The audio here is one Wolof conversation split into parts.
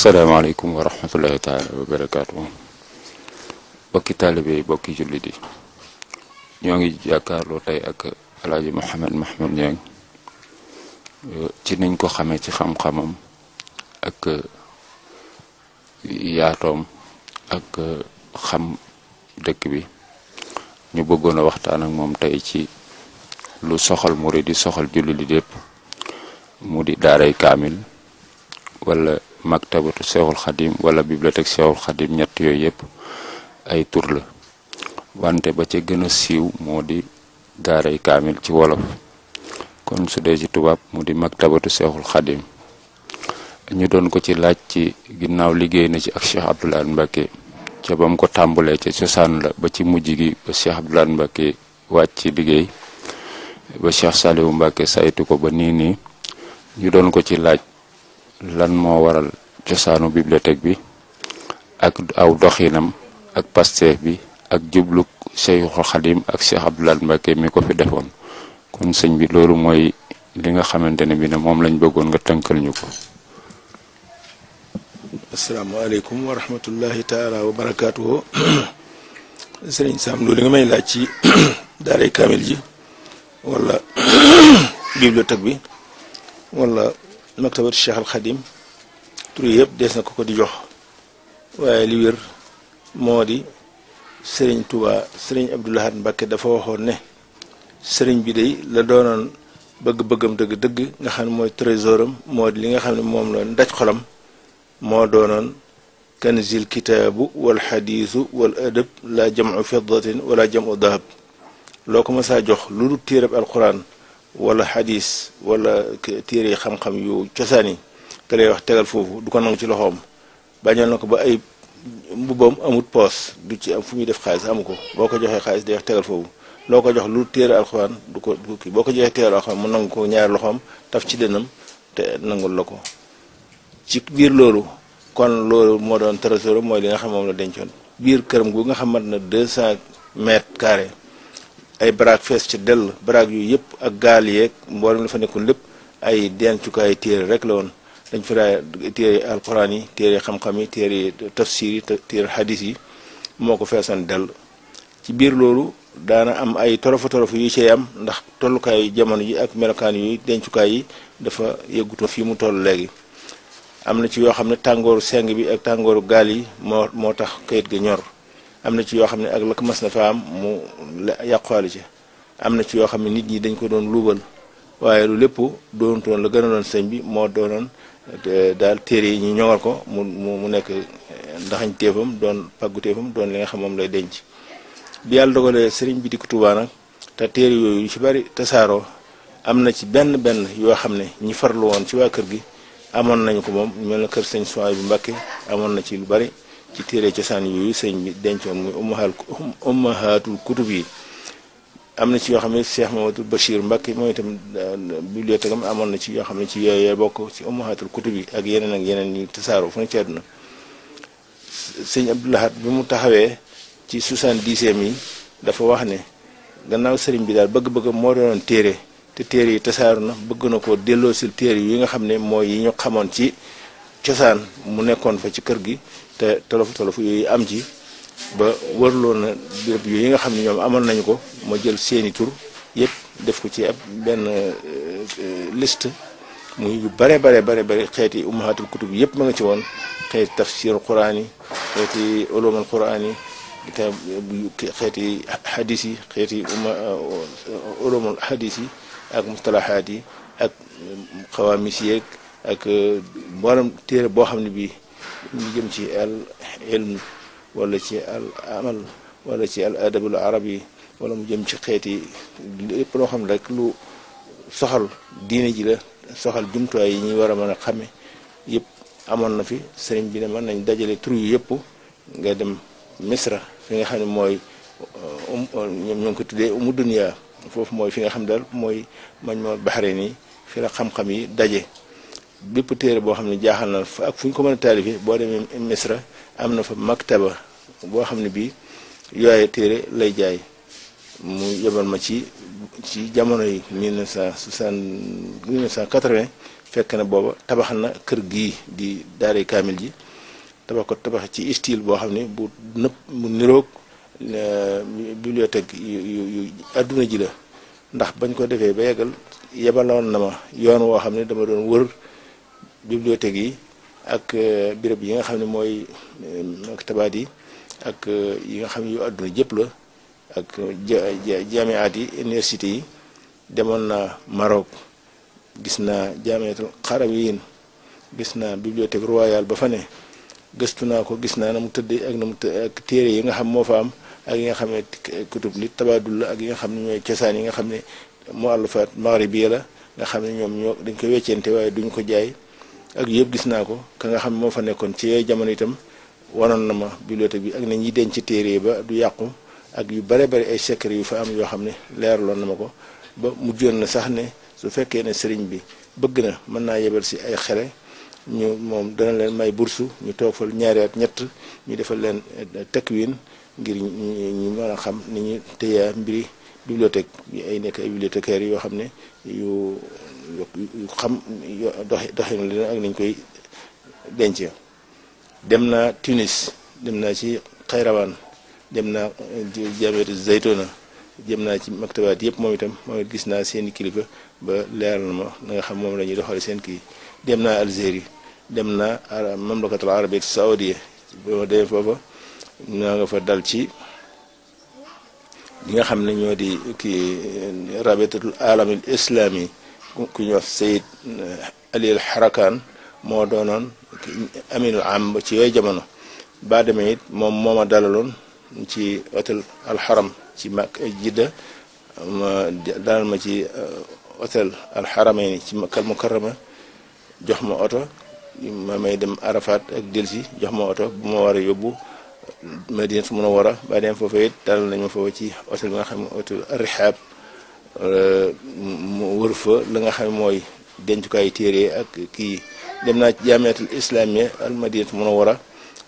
asalaamaaleykum wa rahmatullahi taala wa barakaatu bokki taalibe yi bokki jullit yi ñoo ngi jàkkaarloo tey ak alaaji Mouhamed Mahmoud Niang ci niñ ko xamee ci xam-xamam ak yaatoom ak xam dëkk bi ñu bëggoon a waxtaan ak moom tey ci lu soxal murid di soxal jullit yi yépp mu di daaray kaamil wala maktabatu cheikhul khadim wala bibliothèque cheikhul khadim ñett yoy yep ay turle. la wante ba ci modi siiw modi kamil ci wolof kon su de ci tubab modi maktabatu cheikhul khadim ñu doon ko ci laaj ci ginnaw liggéey na ci ak cheikh abdoulaye mbake ci bam ko tambulé ci cosaan la ba ci mujj gi ba cheikh abdoulaye mbake wacc ci liggéey ba cheikh salihou mbake saytu ko ba ni ñu doon ko ci laaj lan moo waral cosaanu bibliothèque bi ak aw doxinam ak Pastef bi ak jubluk Cheikhul Xadim ak Cheikh Abdoul Ahad mi ko fi defoon kon sëñ bi loolu mooy li nga xamante ne bi ne moom lañ bëggoon nga tënkal ñu ko asalaamaaleykum wa rahmatullahi taala wa barakaatuhu sëriñ Sam loolu li nga may laaj ci daaray kaamil ji wala bibliothèque bi wala maktabatu Cheikh al Xadim tur yëpp des na ko ko di jox waaye li wér moo di sëriñ Touba sëriñ Abdou Lahad Mbacké dafa waxoon ne sëriñ bi la doonoon bëgg-bëggam dëgg-dëgg nga xam ne mooy trésoram moo di li nga xam ne la ndaj xolam moo doonoon kanzil kitaabu wal xadiisu wal adab la jamu fiddatin wala jamu dahab loo ko ma saa jox lu dul alquran ولا حديث ولا تيري خم خم يو جثاني تلي واحد تقل فوف دكان نقول لهم بعدين نك بأي مبام أمود باس دكتي أفهمي دف خايز أمكو بوكو جاه خايز ده تقل فوف لو كجاه لو تير الأخوان دكو دكو بوكو جاه تير الأخوان من نقول نيار لهم تفشي دنم تنقول لكو تك بير لورو كان لورو مودن ترزورو مودن خم مودن دينجون بير كرم غو خم مودن 200 متر كاره ay baraag fees ci dell baraag yu yëpp ak gaal yeeg mboolem la fa nekkoon lépp ay dencukaay téere rek la woon dañ fa daa téere alquran yi téere xam-xam yi téere tafsir yi téere hadis yi moo ko feesan dell ci biir loolu daana am ay torofa torof yu cay am ndax tollukaay jamono ji ak melokaan yu dencukaay yi dafa yëgguto fii mu toll léegi am na ci yoo xam ne tàngooru seng bi ak tàngooru gaal yi moo moo tax kayit ga ñor am na ci yoo xam ne ak la ko mas am mu yàquwaalu ci am na ci yoo xam ne nit ñi dañ ko doon luubal waaye lu lépp doontoon la gën a doon sëñ bi moo doonoon daal téere yi ñu ñoŋal ko mu mu nekk eh, ndaxañ téefam doon pàggu téefam doon li nga xam moom lay denc bi yàlla dogalee sëriñ bi di ko Tuubaa nag te téere yooyu ci bari tasaaroo am na ci benn benn yoo xam ne ñi farlu woon ci waa kër gi amoon nañu ko moom mel na kër sëñ Suwaay bu Mbàkke amoon na ci lu bari ci téere cosaan yooyu sëñ bi dencoon muy ummahaal ummahaatul kutub yi am na ci yoo xam ne Cheikh Mamadou Bachir Mbacke mooy tamit euh, bibliothèque am amoon na ci yoo xam ne ci yooyee bokk ci ummahaatul kutub yi ak yeneen ak yeneen yi tasaaroo fu ne ci àdduna bi mu taxawee ci soixante-dixième yi dafa wax ne gannaaw sëriñ bi daal bëgg-bëgg moo doon téere te téere yi tasaaru na bëgg na ko delloo si téere yi nga xam ne mooy yi ñu xamoon ci cosaan mu nekkoon fa ci kër gi te tolof tolof yooyu am ci ba wërloon na béréb yooyu nga xam ne ñoom amoon nañu ko ma jël seeni tur yëpp def ko ci ab benn euh, euh, list muy yu bare bare bare bare xeeti ummahatul kutub yëpp ma nga ci woon xeeti tafsir quraan yi xeeti ulumal quraan yi xeeti xadis yi xeeti umma euh, ulumul xadis yi ak mustalahaat yi ak xawaamis yeeg ak mboolem téere boo xam ne bii ñu jëm ci al ilm wala ci al amal wala ci al adabul yi wala mu jëm ci xeet yi lépp loo xam ne rek lu soxal diine ji la soxal jumtuwaay yi ñuy war a mën a xame yëpp amoon na fi sëriñ bi ne mën nañ dajale tur yu yëpp nga dem misra fi nga xam ne mooy uh, um, uh, ñoom ñoo ngi ko tuddee umu dunia foofu mooy fi nga xam daal mooy mañ ma baxare nii fi la xam-xam yi daje bépp téere boo xam ne jaaxal na fa ak fu ñu ko mën a taalifi boo demee misra am na fa maktaba boo xam ne bii yooye téere lay jaay mu yebal ma ci ci jamono yi 1960 1980 fekk na booba tabax na kër gii di daare kaamil ji tabax ko tabax ci style boo xam ne bu nëpp bu niroog euh, bibliothèque yu yu adduna ji la ndax bañ ko defee ba yeggal yebaloon na ma yoon woo xam ne dama doon wër bibliothèque yi ak euh, béréb yi nga xam ne mooy maktabaat euh, yi ak euh, yi nga xam ne yu àdduna jëpp la ak jaamiaat yi université yi demoon na Maroc gis naa jaamiatul xarawiyin gis naa bibliothèque royale ba fa ne gëstu naa ko gis naa na mu tëdd ak na mu ak téere yi nga xam moo fa am ak yi nga xam ne kutub li tabaadul la ak yi nga xam ne ñooy cosaan yi nga xam ne mu àllufaat maghribiya la nga xam ne ñoom ñoo dañ koy weccente waaye duñ ko jaay ak yëpp gis naa ko ka nga xam ne moo fa nekkoon ci yooyu jamono itam wanoon na ma bibliothèque bi ak na ñuy denc téere ba du yàqu ak yu bare bari ay secret yu fa am yoo xam ne leeraloon na ma ko ba mujjoon na sax ne su fekkee ne sëriñ bi bëgg na mën naa yebal si ay xele ñu moom dana leen may bursu ñu toog fa ñaari at ñett ñu defal leen tekwin ngir ñu man a xam ni ñu téye mbiri bibliothèque ay nekk ay bibliothécaires yoo xam ne yu yu xam doxi doxinu leen ak nañ koy denc dem naa Tunis dem naa ci Xayrawaan dem naa jameetu eh, Zaytona jëm naa ci maktabaat yëpp moom itam moom gis naa seeni kilifa ba leeral na ma na xam moom lañuy doxale seen kii dem naa Algérie dem naa mamlakatul arabiya saoudia ba dal ci ñi nga xam ne ñoo di kii eh, rabitatul ku ñuy wax Sayid eh, Ali al-Harakan moo doonoon aminul am ci yooyu jamono ba demee it moom moo ma dalaloon ci hôtel alxaram ci mag eh, jidda ma ma ci eh, hôtel alxaramayni ci makkal mukarrama jox ma oto ma may dem arafat ak delsi jox ma oto bu ma war a yóbbu madinatu munawwara ba dem foofu it dalal nañ ma foofu ci hôtel bi nga xam ne hôtel rihab mu wër fa la nga xam mooy dencukaayu téere ak kii dem naa ci jaamiatul islamia al madinatu munawara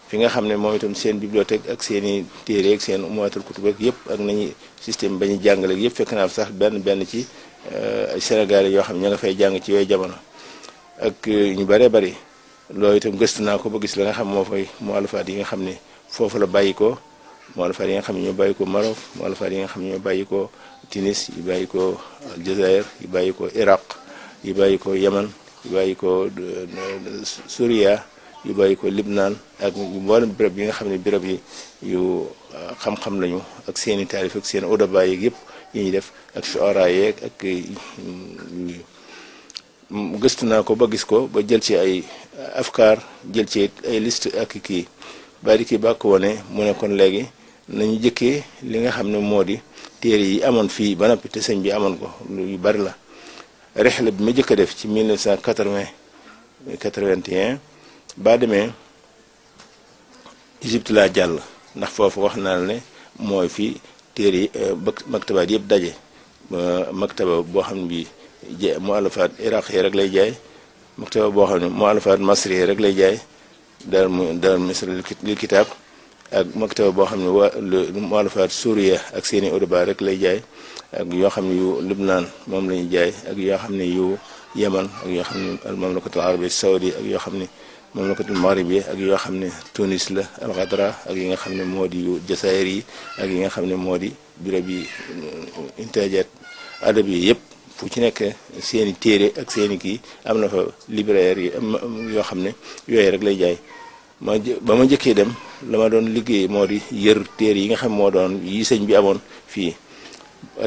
fi nga xam ne moom itam seen bibliothèque ak seen i téere ak seen umaatul kutub ak yëpp ak nañu système ba ñu jàngale yëpp fekk naa sax benn benn ci euh, ay sénégalais yoo xam ne ña nga fay jàng ci yooyu jamono ak euh, ñu bëree bëri loolu itam gëstu naa ko ba gis la nga xam moo fay muallafaat yi nga xam ne foofu la bàyyi ko muallafaat yi nga xam ne ñoo bàyyi ko Maroc muallafaat yi nga xam ne ñoo bàyyi ko Tunis yu bàyyi ko Aljazair yu bàyyi ko Iraq yu bàyyi ko yeman yu bàyyi ko euh, Suria yu bàyyi ko Libnaan ak mboolem béréb yi nga xam ne béréb yi yu euh, xam-xam lañu ak seeni taalif ak seen odaba yi yëpp yi ñuy def ak shuara yeeg ak euh, mm, gëstu naa ko ba gis ko ba jël ci ay afkaar jël ci ay list ak kii bari kii baa wone mu ne kon léegi nañu jëkkee li nga xam ne moo di téere yi amoon fii ba noppi te sëñ bi amoon ko yu bari la rexla bi ma jëkk a def ci 1980 81 baa demee Égypte laa jàll ndax foofu wax naa ne mooy fii téere yi maktabaat yëpp daje maktaba boo xam ne bi je mu alafaat iraq yi rek lay jaay maktaba boo xam ne mu alafaat masri yi rek lay jaay daal mu daal misr lil kitaab ak maktaba boo xam ne waa muallafaat suuriya ak seeni udaba rek lay jaay ak yoo xam ne yu Libnaan moom la ñuy jaay ak yoo xam ne yu Yaman ak yoo xam ne al mamlakatul arabiya saudi ak yoo xam ne mamlakatul maghribi ak yoo xam ne Tunis la al Ghadra ak yi nga xam ne moo di yu Jasaayir yi ak yi nga xam ne moo di birab yi intaajaat adab yi yëpp fu ci nekk seeni téere ak seeni kii am na fa libraire yi yoo xam ne yooyu rek lay jaay ma ba ma njëkkee dem. la ma doon liggéey moo di yër téere yi nga xam moo doon yii sëñ bi amoon fii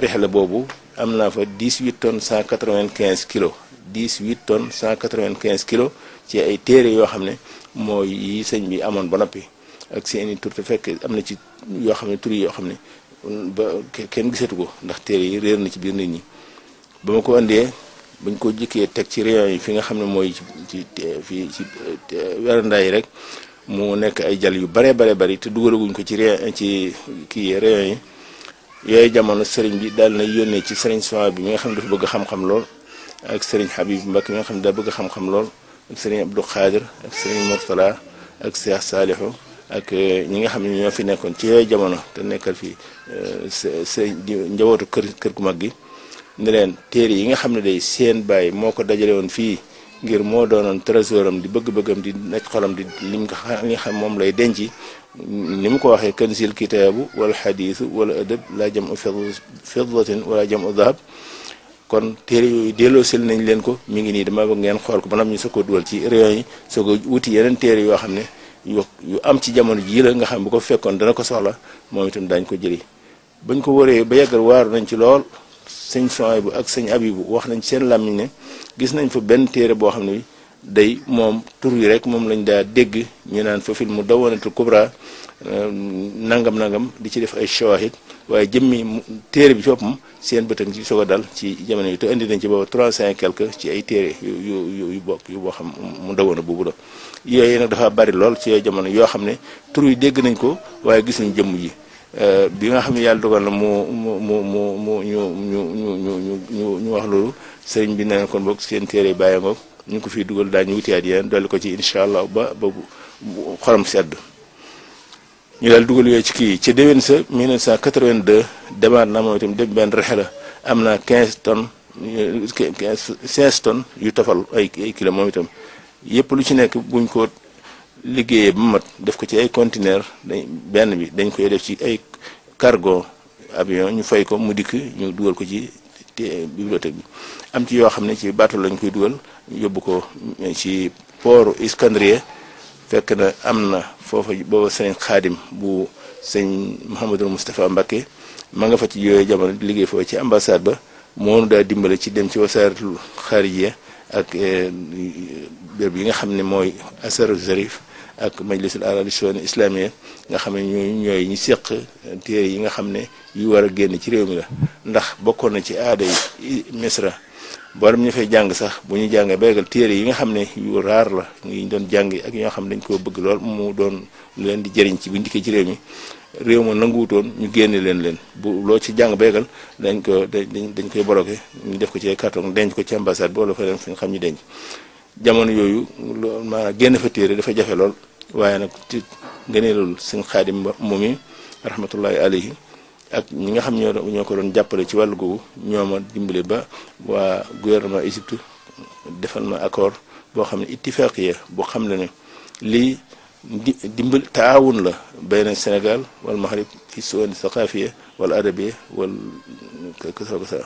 rexla boobu am naa fa cent 18 tonnes 195 kilos 18 tonnes 195 kilos ci ay téere yoo xam ne moo yi sëñ bi amoon ba noppi ak seeni tur te fekk am na ci yoo xam ne tur yoo xam ne ba kenn gisatu ko ndax téere yi réer na ci biir nit ñi ba ma ko andee bañ ko jikkee teg ci rayon yi fi nga xam ne mooy ci ci fii ci eh, werandaa yi rek mu nekk ay jal yu bare bare bari te dugalaguñ ko ci rayon ci kii rayon yi yooyu jamono sëriñ bi daal na yónnee ci sëriñ Souhaïbou bi mi nga xam ne dafa bëgg xam lool ak sëriñ Habib Mbacké mi nga xam ne daa bëgg xam-xam lool ak sëriñ Abdou Khadir ak sëriñ Murtala ak Cheikh Salihu ak euh, ñi nga xam ne ñoo fi nekkoon ci yooyu jamono te nekkal fi euh, sëriñ njabootu kër kër gu mag gi ne leen téere yi nga xam ne day seen bàyyi moo ko dajale woon fii ngir moo doonoon trésor am di bëgg-bëggam di nekk xolam di li nga xam moom lay denc ni mu ko waxee kanzil kitaabu wala xadiisu wala adab laa jam u fiddatin wala jam u dahab kon téere yooyu delloosil nañ leen ko mu ngi nii dama bëgg ngeen xool ko ba ñu sa ko dugal ci rayon yi sa ko wuti yeneen téere yoo xam ne yu yu am ci jamono jii la nga xam bu ko fekkoon dana ko soxla moom itam daañ ko jëli bañ ko waree ba yeggal waaru nañ ci lool sëñ Suwaybu ak sëñ Abibu wax nañ seen làmmiñ ne gis nañ fa benn téere boo xam ne day moom tur yi rek moom lañ daa dégg ñu naan fa fil mu dawanatul kubra euh, nangam nangam di ci def ay shawahid waaye jëmmi téere bi ci boppam seen bëtën ci soog a dal ci jamono yi te indi nañ ci booba trois cent quelque ci ay téere yu yu yu bokk yu boo xam mu dawoona a boobu la yooyu nag dafa bari lool ci yooyu jamono yoo xam ne tur yi dégg nañ ko waaye gis nañ jëmm yi Euh, bi nga xam yàlla dogal na mu mu mu mu mu ñu ñu ñu ñu ñu ñu wax loolu sëriñ bi ne kon boog seen téere bàyyi ngoog ñu ko fiy dugal daañu wuti at yeneen dolli ko ci incha allah ba ba xolam sedd ñu daal dugal yooyu ci kii ci déwén sa 1982 demaat na moom itam dem benn rexe la am na quinze tonnes 15 euh, tonnes yu tofal ay kilo moom itam yëpp lu ci nekk buñ ko. liggéeyee ba mat def ko ci ay conteneur dañ benn bi dañ koy def ci ay cargo avion ñu fay ko mu dikk ñu dugal ko ci bibliothèque bi am ci yoo xam ne ci bateau lañ koy dugal yóbbu ko eh, ci port Iskandrie fekk na am na foofa booba sëñ xaadim bu sëñ Mouhamadul Moustapha Mbacké ma nga fa ci yooyu jamono liggéey foofu ci ambassade ba moonu daal dimbale ci dem ci wasaaratul xaarijiya ak eh, béréb yi nga xam ni mooy asar zarif ak majlisul arab suwani islamia nga xam ne ñooñu ñooy ñu seq téere yi nga xam ne yu war a génne ci réew mi la ndax bokkoon na ci aada yi misra boolem ñu fay jàng sax bu ñu jàngee béykat téere yi nga xam ne raar la ñu doon jàng ak ñoo xam ne dañ koo bëgg lool mu doon leen di jëriñ ci bu ndikkee ci réew réew ma nanguwutoon ñu génne leen leen bu loo ci jàng béykat dañ ko dañ dañ koy boroke ñu def ko ci ay carton denc ko ci ambassade boo la fa leen fi nga xam ñu denc jamono yooyu maanaam génn fa téere dafa jafe lool waaye nag ci ngëneelul sëñ xaadim mu mi rahmatullahi alayhi ak ñi nga xam ñoo ñoo ko doon jàppale ci wàllu googu ñoo ma dimbale ba waa gouvernement Égypte defal ma accord boo xam ne ittifaaqiya boo xam ne ne lii di dimbal taawun la bayna Sénégal wal Maghrib fi suwan saqaafiya wal adabiya wal kasra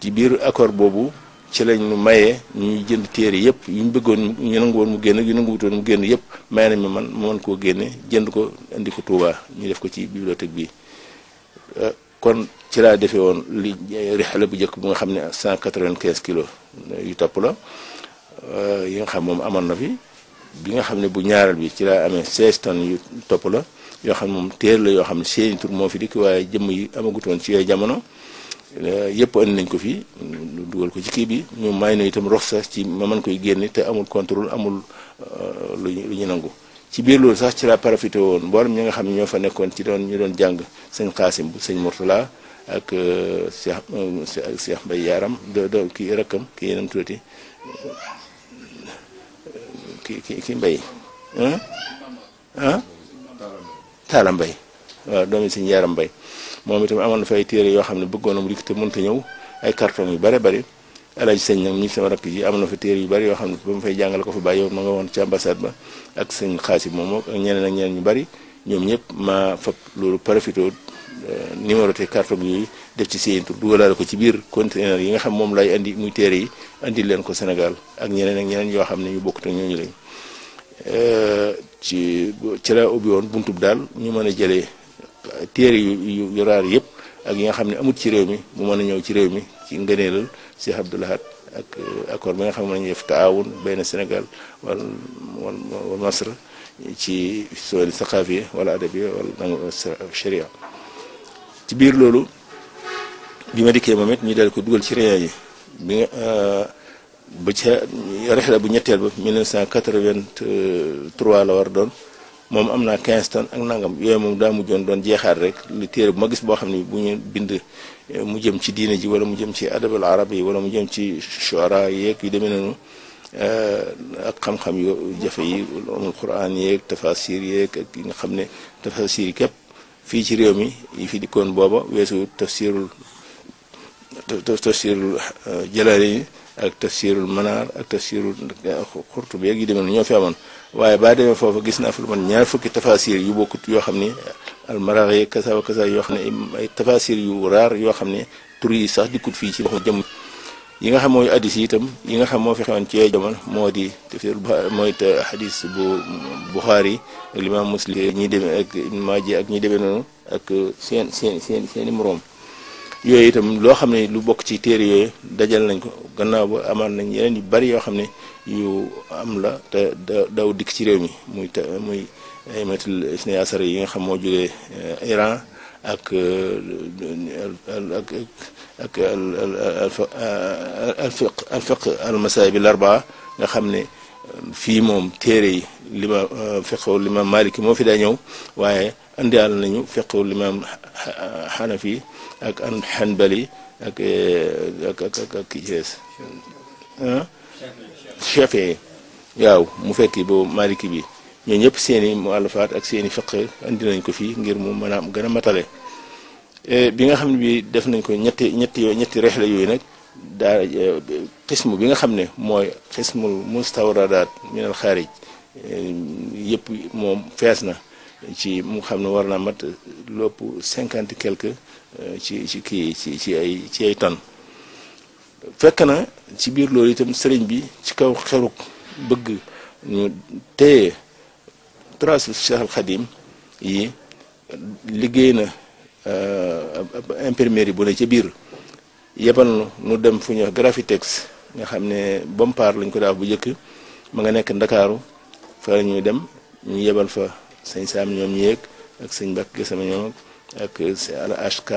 ci biir accord boobu ci lañ nu maye ñu jënd téré yépp yu ñu bëggoon ñu nangu woon mu génn ñu nangu wutoon mu génn yépp may nañ ma man ma mën koo génne jënd ko indi ko Touba ñu def ko ci bibliothèque bi euh, kon ci laa defee woon li euh, rixale bu njëkk bu nga xam ne 195 kilos euh, yu topp la yi nga xam moom amoon na fi bi nga xam ne bu ñaaral bi ci laa amee 16 tonnes yu topp la yoo xam moom téere la yoo xam ne seeni tur moo fi dikk waaye jëmm yi amagutoon ci yooyu jamono Euh, yëpp andi nañ ko fii lu dugal ko ci kii bi ñu may na itam rox sax ci ma man koy génne te amul contrôle amul euh, lu ñu lu ñu nangu ci biir loolu sax ci la profité woon mboolem ñi nga xam ne ñoo fa nekkoon ci doon ñu doon jàng sëñ Xaasim bu sëñ Mourtala ak euh, Cheikh Cheikh Mbaye Yaram do do kii rakkam kii yenam tuuti ki ki ki Mbaye ah Taala Mbaye waaw doomi sëñ Yaram moom itam amoon na fa ay téere yoo xam ne bëggoon na mu dikk te mënta ñëw ay carton yu bare bari alaj sëñ nag ñi sama rakk ji am na fa téere yu bari yoo xam ne ba mu fay jàngale ko fa bàyyi ma nga woon ci ambassade ba ak sëñ xaasi moom ak ñeneen ak ñu bari ñoom ñëpp ma fab loolu profité euh, numéroté carton yooyu def ci seen tur dugalaale ko ci biir conteneur yi nga xam moom lay andi muy téere yi andi leen ko Sénégal ak ñeneen ak ñeneen yoo xam ne ñu bokkut ak ñooñu lañ euh, ci la ubbi woon buntub daal ñu mën a jëlee téere yu yu raar yëpp ak yi nga xam ne amut ci réew mi mu mën a ñëw ci réew mi ci ngëneelal Cheikh Abdoul Ahad ak euh, accord bi nga xam ne nañu def taawun bayna Sénégal wal Masr ci suwali saqaafiya wala adabiya wala euh, sharia ci biir loolu bi ma dikkee moom it ñu dal ko dugal ci réa yi bi nga euh, ba ca rexla bu ñetteel ba 1983 la war doon moom am naa quinze tonnes ak nangam yooyu moom daa mujjoon doon jeexaat rek lu téere bu ma gis boo xam ne bu ñu bind eh, mu jëm ci diine ji wala mu jëm ci adabal arab yi wala mu jëm ci shuara yeeg yu deme noonu eh, ak xam-xam yu jafe yi amul quran ak yi nga xam ne tafasir yi képp fii ci réew mi yi fi dikkoon booba weesu tafsirul tafsirul eh, jalaale yi ak tafsirul manar ak tafsirul xurtu bi ak yu demee ñoo fi amoon waaye baa demee foofu gis naa fa lu man ñaar fukki tafasir yu bokkut yoo xam ne almaraar yeeg kasa wa kasa yoo xam ne ay tafasir yu raar yoo xam ne tur yi sax dikkut fii ci boppam jëm yi nga xam mooy addis yi itam yi nga xam moo fi xewoon ci ay jamono moo di tafsir mooy hadis bu Buxaari ak limaam Muslim ñi demee ak Maaji ak ñi demee noonu ak seen seen seen seen i moroom yooyu itam loo xam ne lu bokk ci téere yooyu dajal nañ ko gannaaw ba amaan nañ yeneen yu bari yoo xam ne yu am la te daw dikk ci réew mi muy te muy aymatul isne asar yi nga xam moo jógee Iran ak ak ak alfiq alfiq almasaayib al arbaa nga xam ne fii moom téere yi li ma fiqu limaam maliki moo fi daa ñëw waaye indial nañu fiqu limaam xanafi ak an xanbali ak ak ak ak ak chafii waaw mu fekki boobu maliki bi ñoo ñëpp seeni i muallafaat ak seeni i fiq andi nañ ko fii ngir mu mën a gën a matale e, bi nga xam ne bi def nañ ko ñetti ñetti ñetti rexla yooyu nag daa e, xismu bi nga xam ne mooy xismul mustawradaat min al xaarij e, yëpp moom fees na ci mu xam ne war naa mat lopp cinquante quelque ci ci kii ci ay ci fekk na ci biir loolu itam sëriñ bi ci kaw xeruk bëgg ñu téye trace Cheikh al Xadim yi liggéey na euh, imprimerie bu ne ci biir yebal nu dem fu ñuy wax Graphitex nga xam ne Bompard lañ ko daaf bu njëkk ma nga nekk ndakaaru fa la ñuy dem ñu yebal fa sëñ Saam ñoom ñi yeeg ak sëñ Mbàkke Gassama ñoom ak al HK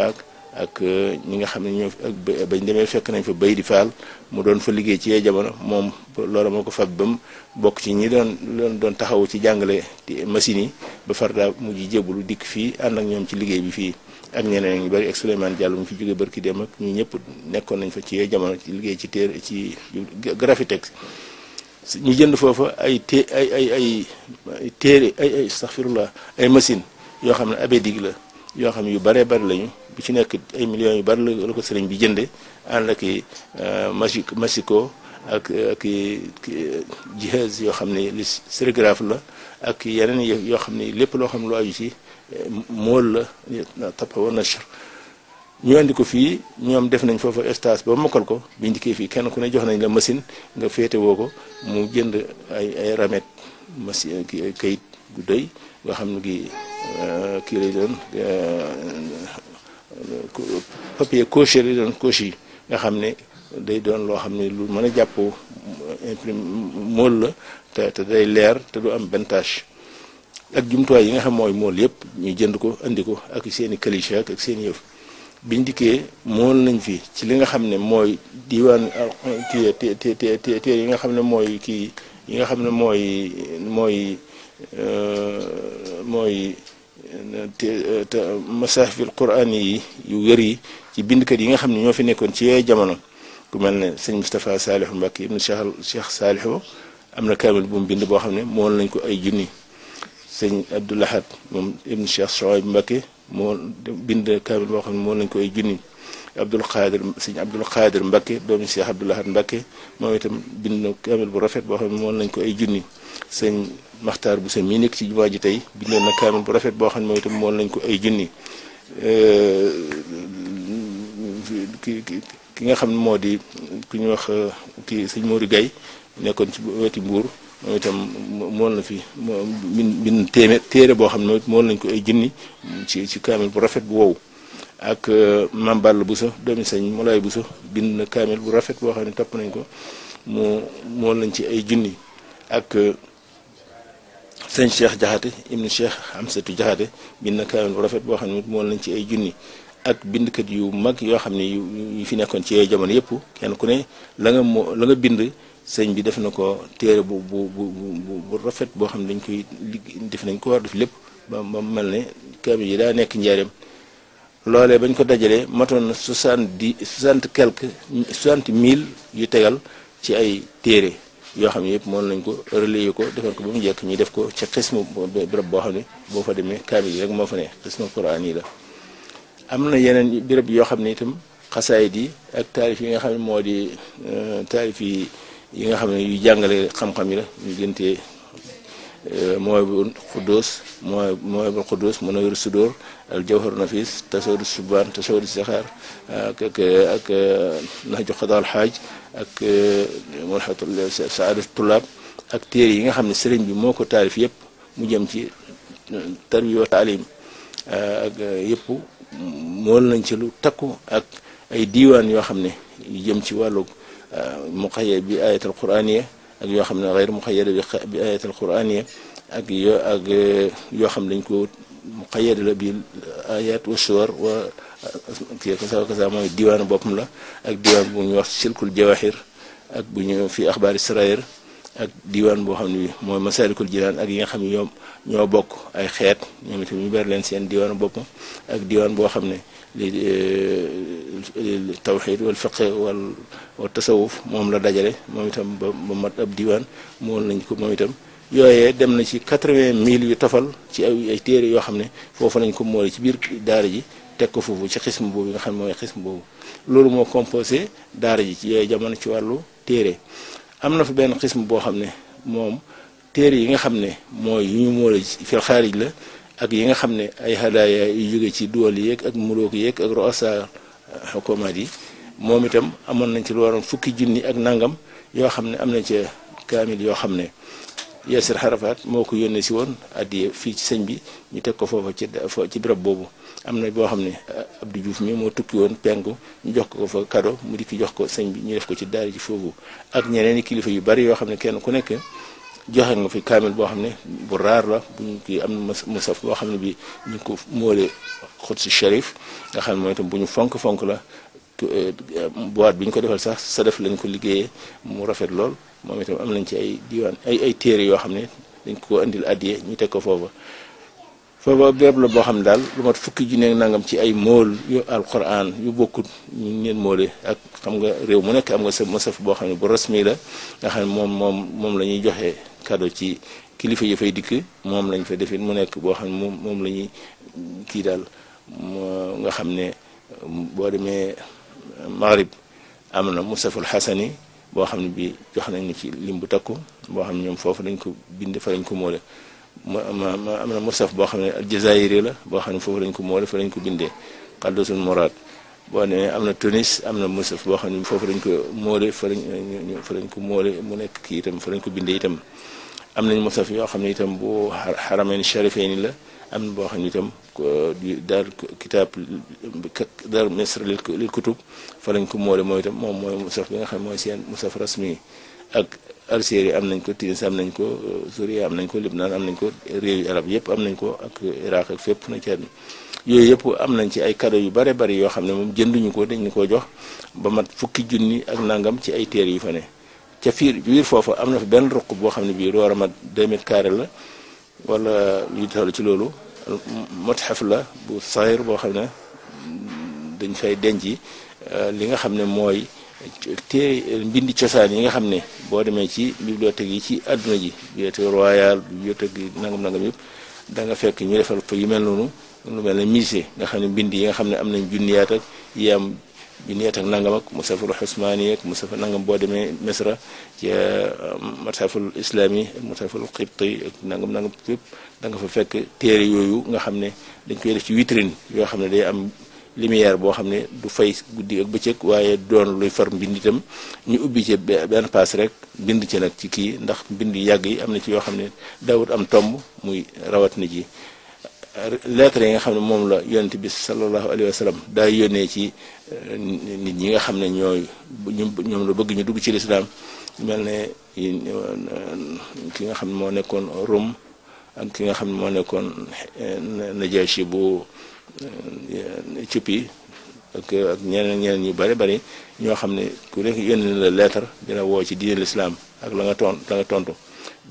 ak euh, ñi nga xam ne ñoo ak bañ demee fekk nañ fa bay di faal mu doon fa liggéey ci yee jamono moom loola moo ko fab ba mu bokk ci ñi doon doon doon taxawu ci jàngale machine yi ba far daa dikk fii ànd ak ñoom ci liggéey bi fii ak ñeneen ñu bari ak mu fi jóge barki dem ak ñu ñëpp nekkoon nañ fa ci yee jamono ci liggéey ci téer ci Graphitech ñu jënd foofa ay té ay ay ay ay téere ay ay astaghfirullah machine yoo xam ne abe abédig la yoo xam yu baree bari lañu bi ci nekk ay millions yu bari la ko sëriñ bi jënde ànd ak i masi euh, masiko ak ak jihaz yoo xam ne li sérigraphe la ak yeneen yoo xam ne lépp loo xam ne lu aju ci euh, mool la tappa wa nashr ñu andi ko fii ñoom def nañ foofu stage ba mokkal ko bi njëkkee fii kenn ku ne jox nañ la machine nga féete woo ko mu jënd ay ay ramet machine kayit gu doy nga xam ne gi euh, kii lay papier coché li doon coché yi nga xam ne day doon loo xam ne lu mën a jàpp imprime mool la te day leer te du am bentage ak jumtuwaay yi nga xam mooy mool yëpp ñu jënd ko indi ko ak seeni i ak seen yëf biñ dikkee mool nañ fi ci li nga xam ne mooy diwaan ah, kii te te te yi nga xam ne mooy kii yi nga xam ne mooy mooy euh, mooy. مصاحف القرآن يوري يبند كده يعني خمني يوم فيني كنت كمان سيد مصطفى صالح مبكي ابن شهر شيخ صالح هو أمر كامل بوم بند بوا مول نكو أي جني سيد عبد الله حد ابن شيخ شعيب مبكي مول بند كامل بوا خمني مول نكو أي جني عبد القادر سيد عبد القادر مبكي دوم شيخ عبد الله حد مبكي ما يتم بند كامل برفت بوا خمني مول نكو أي جني سيد maktar bu sa mi nek ci jumaa tay tey bindoon na kaamil bu rafet bo xam moy tam mo lañ ko ay euh ki ki nga xam modi di ku ñu wax kii seigne Mori gay nekkon ci weti mbour moy tam mo na fi min min téemé téré bo xam mo lañ ko ay junni ci ci kaamil bu rafet bu wow ak euh, mambal bu so domi seigne Moulay Bousso bind na kaamil bu rafet bo xam top nañ ko mo mo lañ ci ay junni ak sëñ Cheikh Jaxate ibnu Cheikh Amsatu Jaxate bind na kaamil bu rafet boo xam ne moom lañ ci ay junni ak bindkat yu mag yoo xam ne yu fi nekkoon ci ay jamono yëpp kenn ku ne la nga moo la nga bind sëñ bi def na ko téere bu bu bu bu rafet boo xam ne dañ koy def nañ ko war def lépp ba mel ne kaamil yi daa nekk njaareem loole bañ ko dajalee matoon na soixante di soixante quelque soixante mille yu tegal ci ay téere yoo xam ne yëpp moom lañ ko relayer ko defar ko ba mu jekk ñu def ko ci xismu béréb boo xam ne boo fa demee kaamil yi rek moo fa ne xismu quran yi la am na yeneen béréb yoo xam ne itam xasaayid yi ak taarif yi nga xam ne moo di euh, taarif yi yi nga xam ne yu jàngale xam-xam yi la ñu gëntee Euh, Mawahibul Quddus Mawahib Mawahibul Quddus Munawwirus Sudur al Jawharun Nafis Tasawwurus Subhan Tasawwurus Saxaar ak ak ak euh, Nahju Qadaa'il Haaj ak euh, Mulhatul Sa'aadat Tullaab ak téere yi nga xam ne sëriñ bi moo ko taarif yëpp mu jëm ci tarbiya wa taalim ak yëpp mool nañ ci lu takku ak ay diiwaan yoo xam ne yu jëm ci wàllu muqayyad bi ayatul quraaniya ak yoo xam ne xayr muqayyada bi ayatil qur'aniya ak yo ak yoo xam dañ ko muqayyada la bi ayat wa suwar wa kii kasa kasa mooy diwaanu boppam la ak diwaan bu ñuy wax silkul jawahir ak bu ñu fi axbaari sarair ak diwaan boo xam ne bi mooy masalikul jinaan ak yi nga xam ne ñoom ñoo bokk ay xeet ñoom itam ñu ber leen seen diwaanu boppam ak diwaan boo xam ne للتوحيد والفقه والتصوف موم لا داجالي موم تام با مات اب ديوان مول نانكو موم تام يوي ديم نا سي 80 ميل يو تفال سي اي تيري يو خامني فوفو نانكو مول سي بير دار جي تيكو فوفو سي خيسم بوبي خا خامني موي خيسم بوبو لولو مو كومبوزي دار جي سي يي جامن سي والو تيري امنا في بن خيسم بو خامني موم تيري ييغا خامني موي ني مول في الخارج لا ak yi nga xam ne ay hadaaya yu jóge ci duwal yéeg ak muroog yéeg ak roasa xukumaat yi moom itam amoon nañ ci lu waroon fukki junni ak nangam yoo xam ne am na ca kaamil yoo xam ne Yasir Arafat moo ko yónnee si woon addiye fii ci sëñ bi ñu teg ko foofa ci ci birab boobu am na boo xam ne Abdou juuf mi moo tukki woon penku ñu jox ko fa kado mu di ki jox ko sëñ bi ñu def ko ci daal ji foofu ak ñeneen i kilifa yu bari yoo xam ne kenn ku nekk joxe nga fi kaamil boo xam ne bu raar la bu ñu kii am ma musaf boo xam ne bi ñu ko móole xut si sharif nga xam ne mooy tam bu ñu fonk-fonk la boîte bi ñu ko defal sax sa def lañ ko liggéeyee mu rafet lool moom itam am nañ ci ay diwaan ay ay téere yoo xam ne dañ ko indil addiye ñu teg ko foofu foofa béréb boo xam ne daal lu mat fukki junne nangam ci ay mool yu alquran yu bokkut ñu ngeen moole ak xam nga réew mu nekk am nga sa masaf boo xam ne bu rasmi la nga xam ne moom moom moom la ñuy joxe cadeau ci kilifa yi fay dikk moom lañ fa defit mu nekk boo xam ne moom moom la ñuy kii daal nga xam ne boo demee Maghrib am na musaful xasani boo xam ne bi jox nañu ci lim bu takku boo xam ñoom foofu dañ ko bind fa lañ ko moole ma ma am na mursaf boo xam ne aljazairi la boo xam ne foofu lañ ko moole fa lañ ko bindee xaddasul murad boo am na tunis am na mursaf boo xam ne foofu lañ ko moole fa lañ fa lañ ko moole mu nekk kii itam fa lañ ko bindee itam am nañ mursaf yoo xam ne itam bu xaramen sharifayni la am na boo xam ne itam daal kitaab daar misr lil kutub fa lañ ko moole mooy itam moom mooy mursaf bi nga xam ne mooy seen mursaf rasmi ak Algérie am nañ ko Tunisie am nañ ko Syrie am nañ ko Libnan am nañ ko réew yu arab yëpp am nañ ko ak Irak fépp nañ ca yooyu yëpp am nañ ci ay cadeau yu bare bari yoo xam ne moom jënduñu ko dañ ñu ko jox ba mat fukki junni ak nangam ci ay téere yu fa ne ca fiir biir foofa am na fa benn ruq boo xam ne bii lu war a mat 2 mètres carré la wala lu toll ci loolu motxaf la bu saxir boo xam ne dañ fay denc euh, li nga xam ne mooy téere mbindi cosaan yi nga xam ne boo demee ci bibliothèque yi ci àdduna ji bibliothèque royale bibliothèque yi nangam-nangam yëpp da fekk ñu defal fa yu mel noonu lu mel ne musée nga xam ne mbind yi nga xam ne am nañ junniyaat ak yi am junniyaat ak nangam ak musaful xusmaani ak musaful nangam boo demee Misra ci um, mataful islami ak mataful xibti ak nangam-nangam yëpp da nga fa fekk téere yooyu nga xam ne dañ koy def ci witrin yoo xam ne day am lumière boo xam ne du fay guddi ak bëccëg waaye doon luy far mbind itam ñu ubbi ci benn paas rek bind ci nag ci kii ndax mbind yàgg yi am na ci yoo xam ne daawut am tomb muy rawat na ji lettre yi nga xam ne moom la yonent bi sallallahu alayhi wa sallam daa yónnee ci eh, nit ñi nga xam ne ñooy ñoom la bëgg ñu dugg ci lislaam mel ne eh, ki nga xam ne moo nekkoon Rome ak ki nga xam ne moo nekkoon eh, Najashi bu Euh, cippi ak ak ñeneen ñeneen ñu bare bari ñoo xam ne ku nekk yónni la lettre dina woo ci diine lislaam ak la nga ton la nga tontu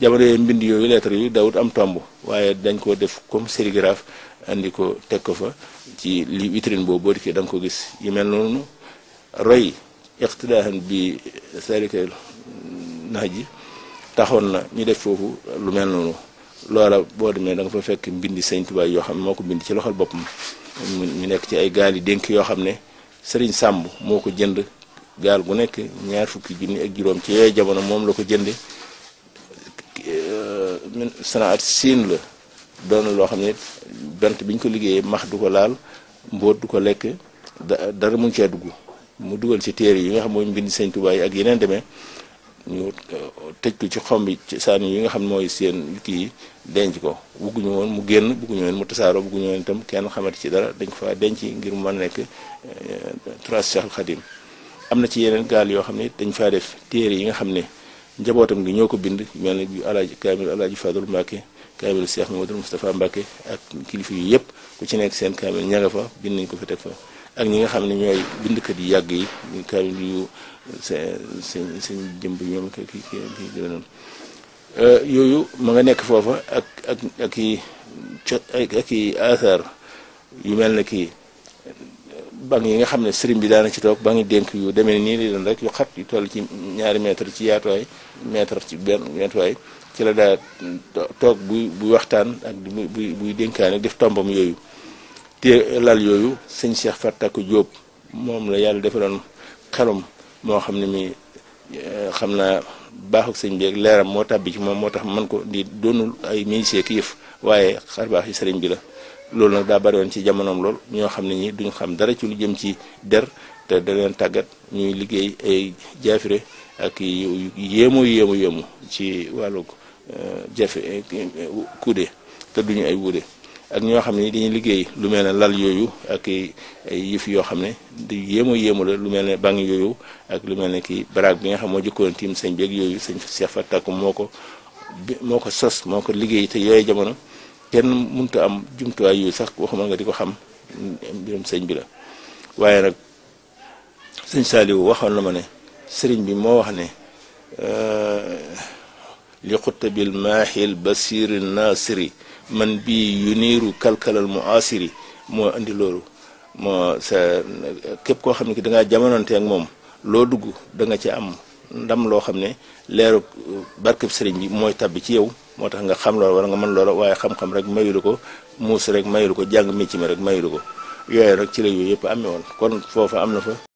jamono yooyu mbind yooyu lettre yu dawut am tomb waaye dañ ko def comme sérigraphe andi ko teg ko fa ci lii vitrine boobu boo dikkee da nga ko gis yu mel noonu roy iqtidaahan bi sarika nax ji taxoon na ñu def foofu lu mel noonu loola boo demee da nga fa fekk mbindi sëñ Tuubaa yoo xam ne moo ko bind ci loxol boppam ñu nekk ci ay gaal yi dénk yoo xam ne sëriñ Sàmb moo ko jënd gaal gu nekk ñaar fukki junni ak juróom ci yooyu jamono moom la ko jënde euh, at siin la doon loo xam ne bant biñ ko liggéeyee max du ko laal mbóot du ko lekk dara mun cee dugg mu dugal ci téere yi nga xam mooy mbind sëñ Tuubaa ak yeneen demee ñu euh, tëj ci xom bi ci saan yi nga xam mooy seen kii denc ko bugguñu woon mu génn bugguñu woon mu tasaaroo bugguñu woon itam kenn xamati ci dara dañ ko fa denc ngir mu nekk trace Cheikh Khadim am na ci yeneen gaal yoo xam ne dañ faa def téere yi nga xam ne njabootam gi ñoo ko bind mel ni yu alaaji kaamil alaaji Fadul Mbàkke kaamil Cheikh Mamadou Moustapha Mbàkke ak kilifa yu yëpp ku ci nekk seen kaamil ña fa bind nañ ko fa teg fa ak ñi nga xam ne ñooy bindkat yu yàgg yi kaamil yu seen seen seen jëmb ñoom ki ki ki noonu euh, yooyu ma nga nekk foofa ak ak ak i ak i asar yu mel ne kii bank yi nga xam ne sëriñ bi daana ci toog ba yi dénk yu demee nii li doon rek yu xat yu toll ci ñaari mètre ci yaatuwaay mètre ci benn yaatuwaay ci la daa toog buy buy waxtaan ak buy buy dénkaane def tombam yooyu te lal yooyu sëñ Cheikh Fatta ko Jóob moom la yàlla defaloon xelum moo xam ne mi eh, xam naa baaxuk sëñ bi ak leeram moo tàbbi ci moom moo tax man ko di doonul ay minisier ki yëf waaye xar baax yi sëriñ bi la loolu nag daa bari ci jamonoom lool ñoo xam ne ñi duñu xam dara ci lu jëm ci der te da tàggat ñuy liggéey ay jaafire ak yéemu yéemu yéemu ci wàllu eh, jafe eh, kuude te duñu ay wuude ak ñoo xam ne dañuy liggéey lu mel ne lal yooyu ak ay yëf yoo xam ne di yéemo yéemo la lu mel ne bànk yooyu ak lu mel ne kii baraag bi nga xam moo jëkkoon tiim sëñ beeg yooyu sëñ Cheikh Fatta moo ko moo ko sos moo ko liggéey te yooyu jamono kenn mënut am jumtuwaay yooyu sax waxuma nga di ko xam mbirum sëñ bi la waaye nag sëñ Saliou waxoon la ma ne sëriñ bi moo wax ne li xutta bil maahil basiri nasiri man bi yu niiru kalkalal mu asiri moo indi loolu moo sa képp koo xam ne ki da ngaa jamononte ak moom loo dugg da nga ci am ndam loo xam ne leeru barkeb sëriñ bi mooy tabbi ci yow moo tax nga xam lool wala nga mën loola waaye xam-xam rek mayulu ko muus rek mayulu ko jàng mécc mi rek mayulu ko yooyu rek ci la yooyu yëpp amee woon kon foofa am na fa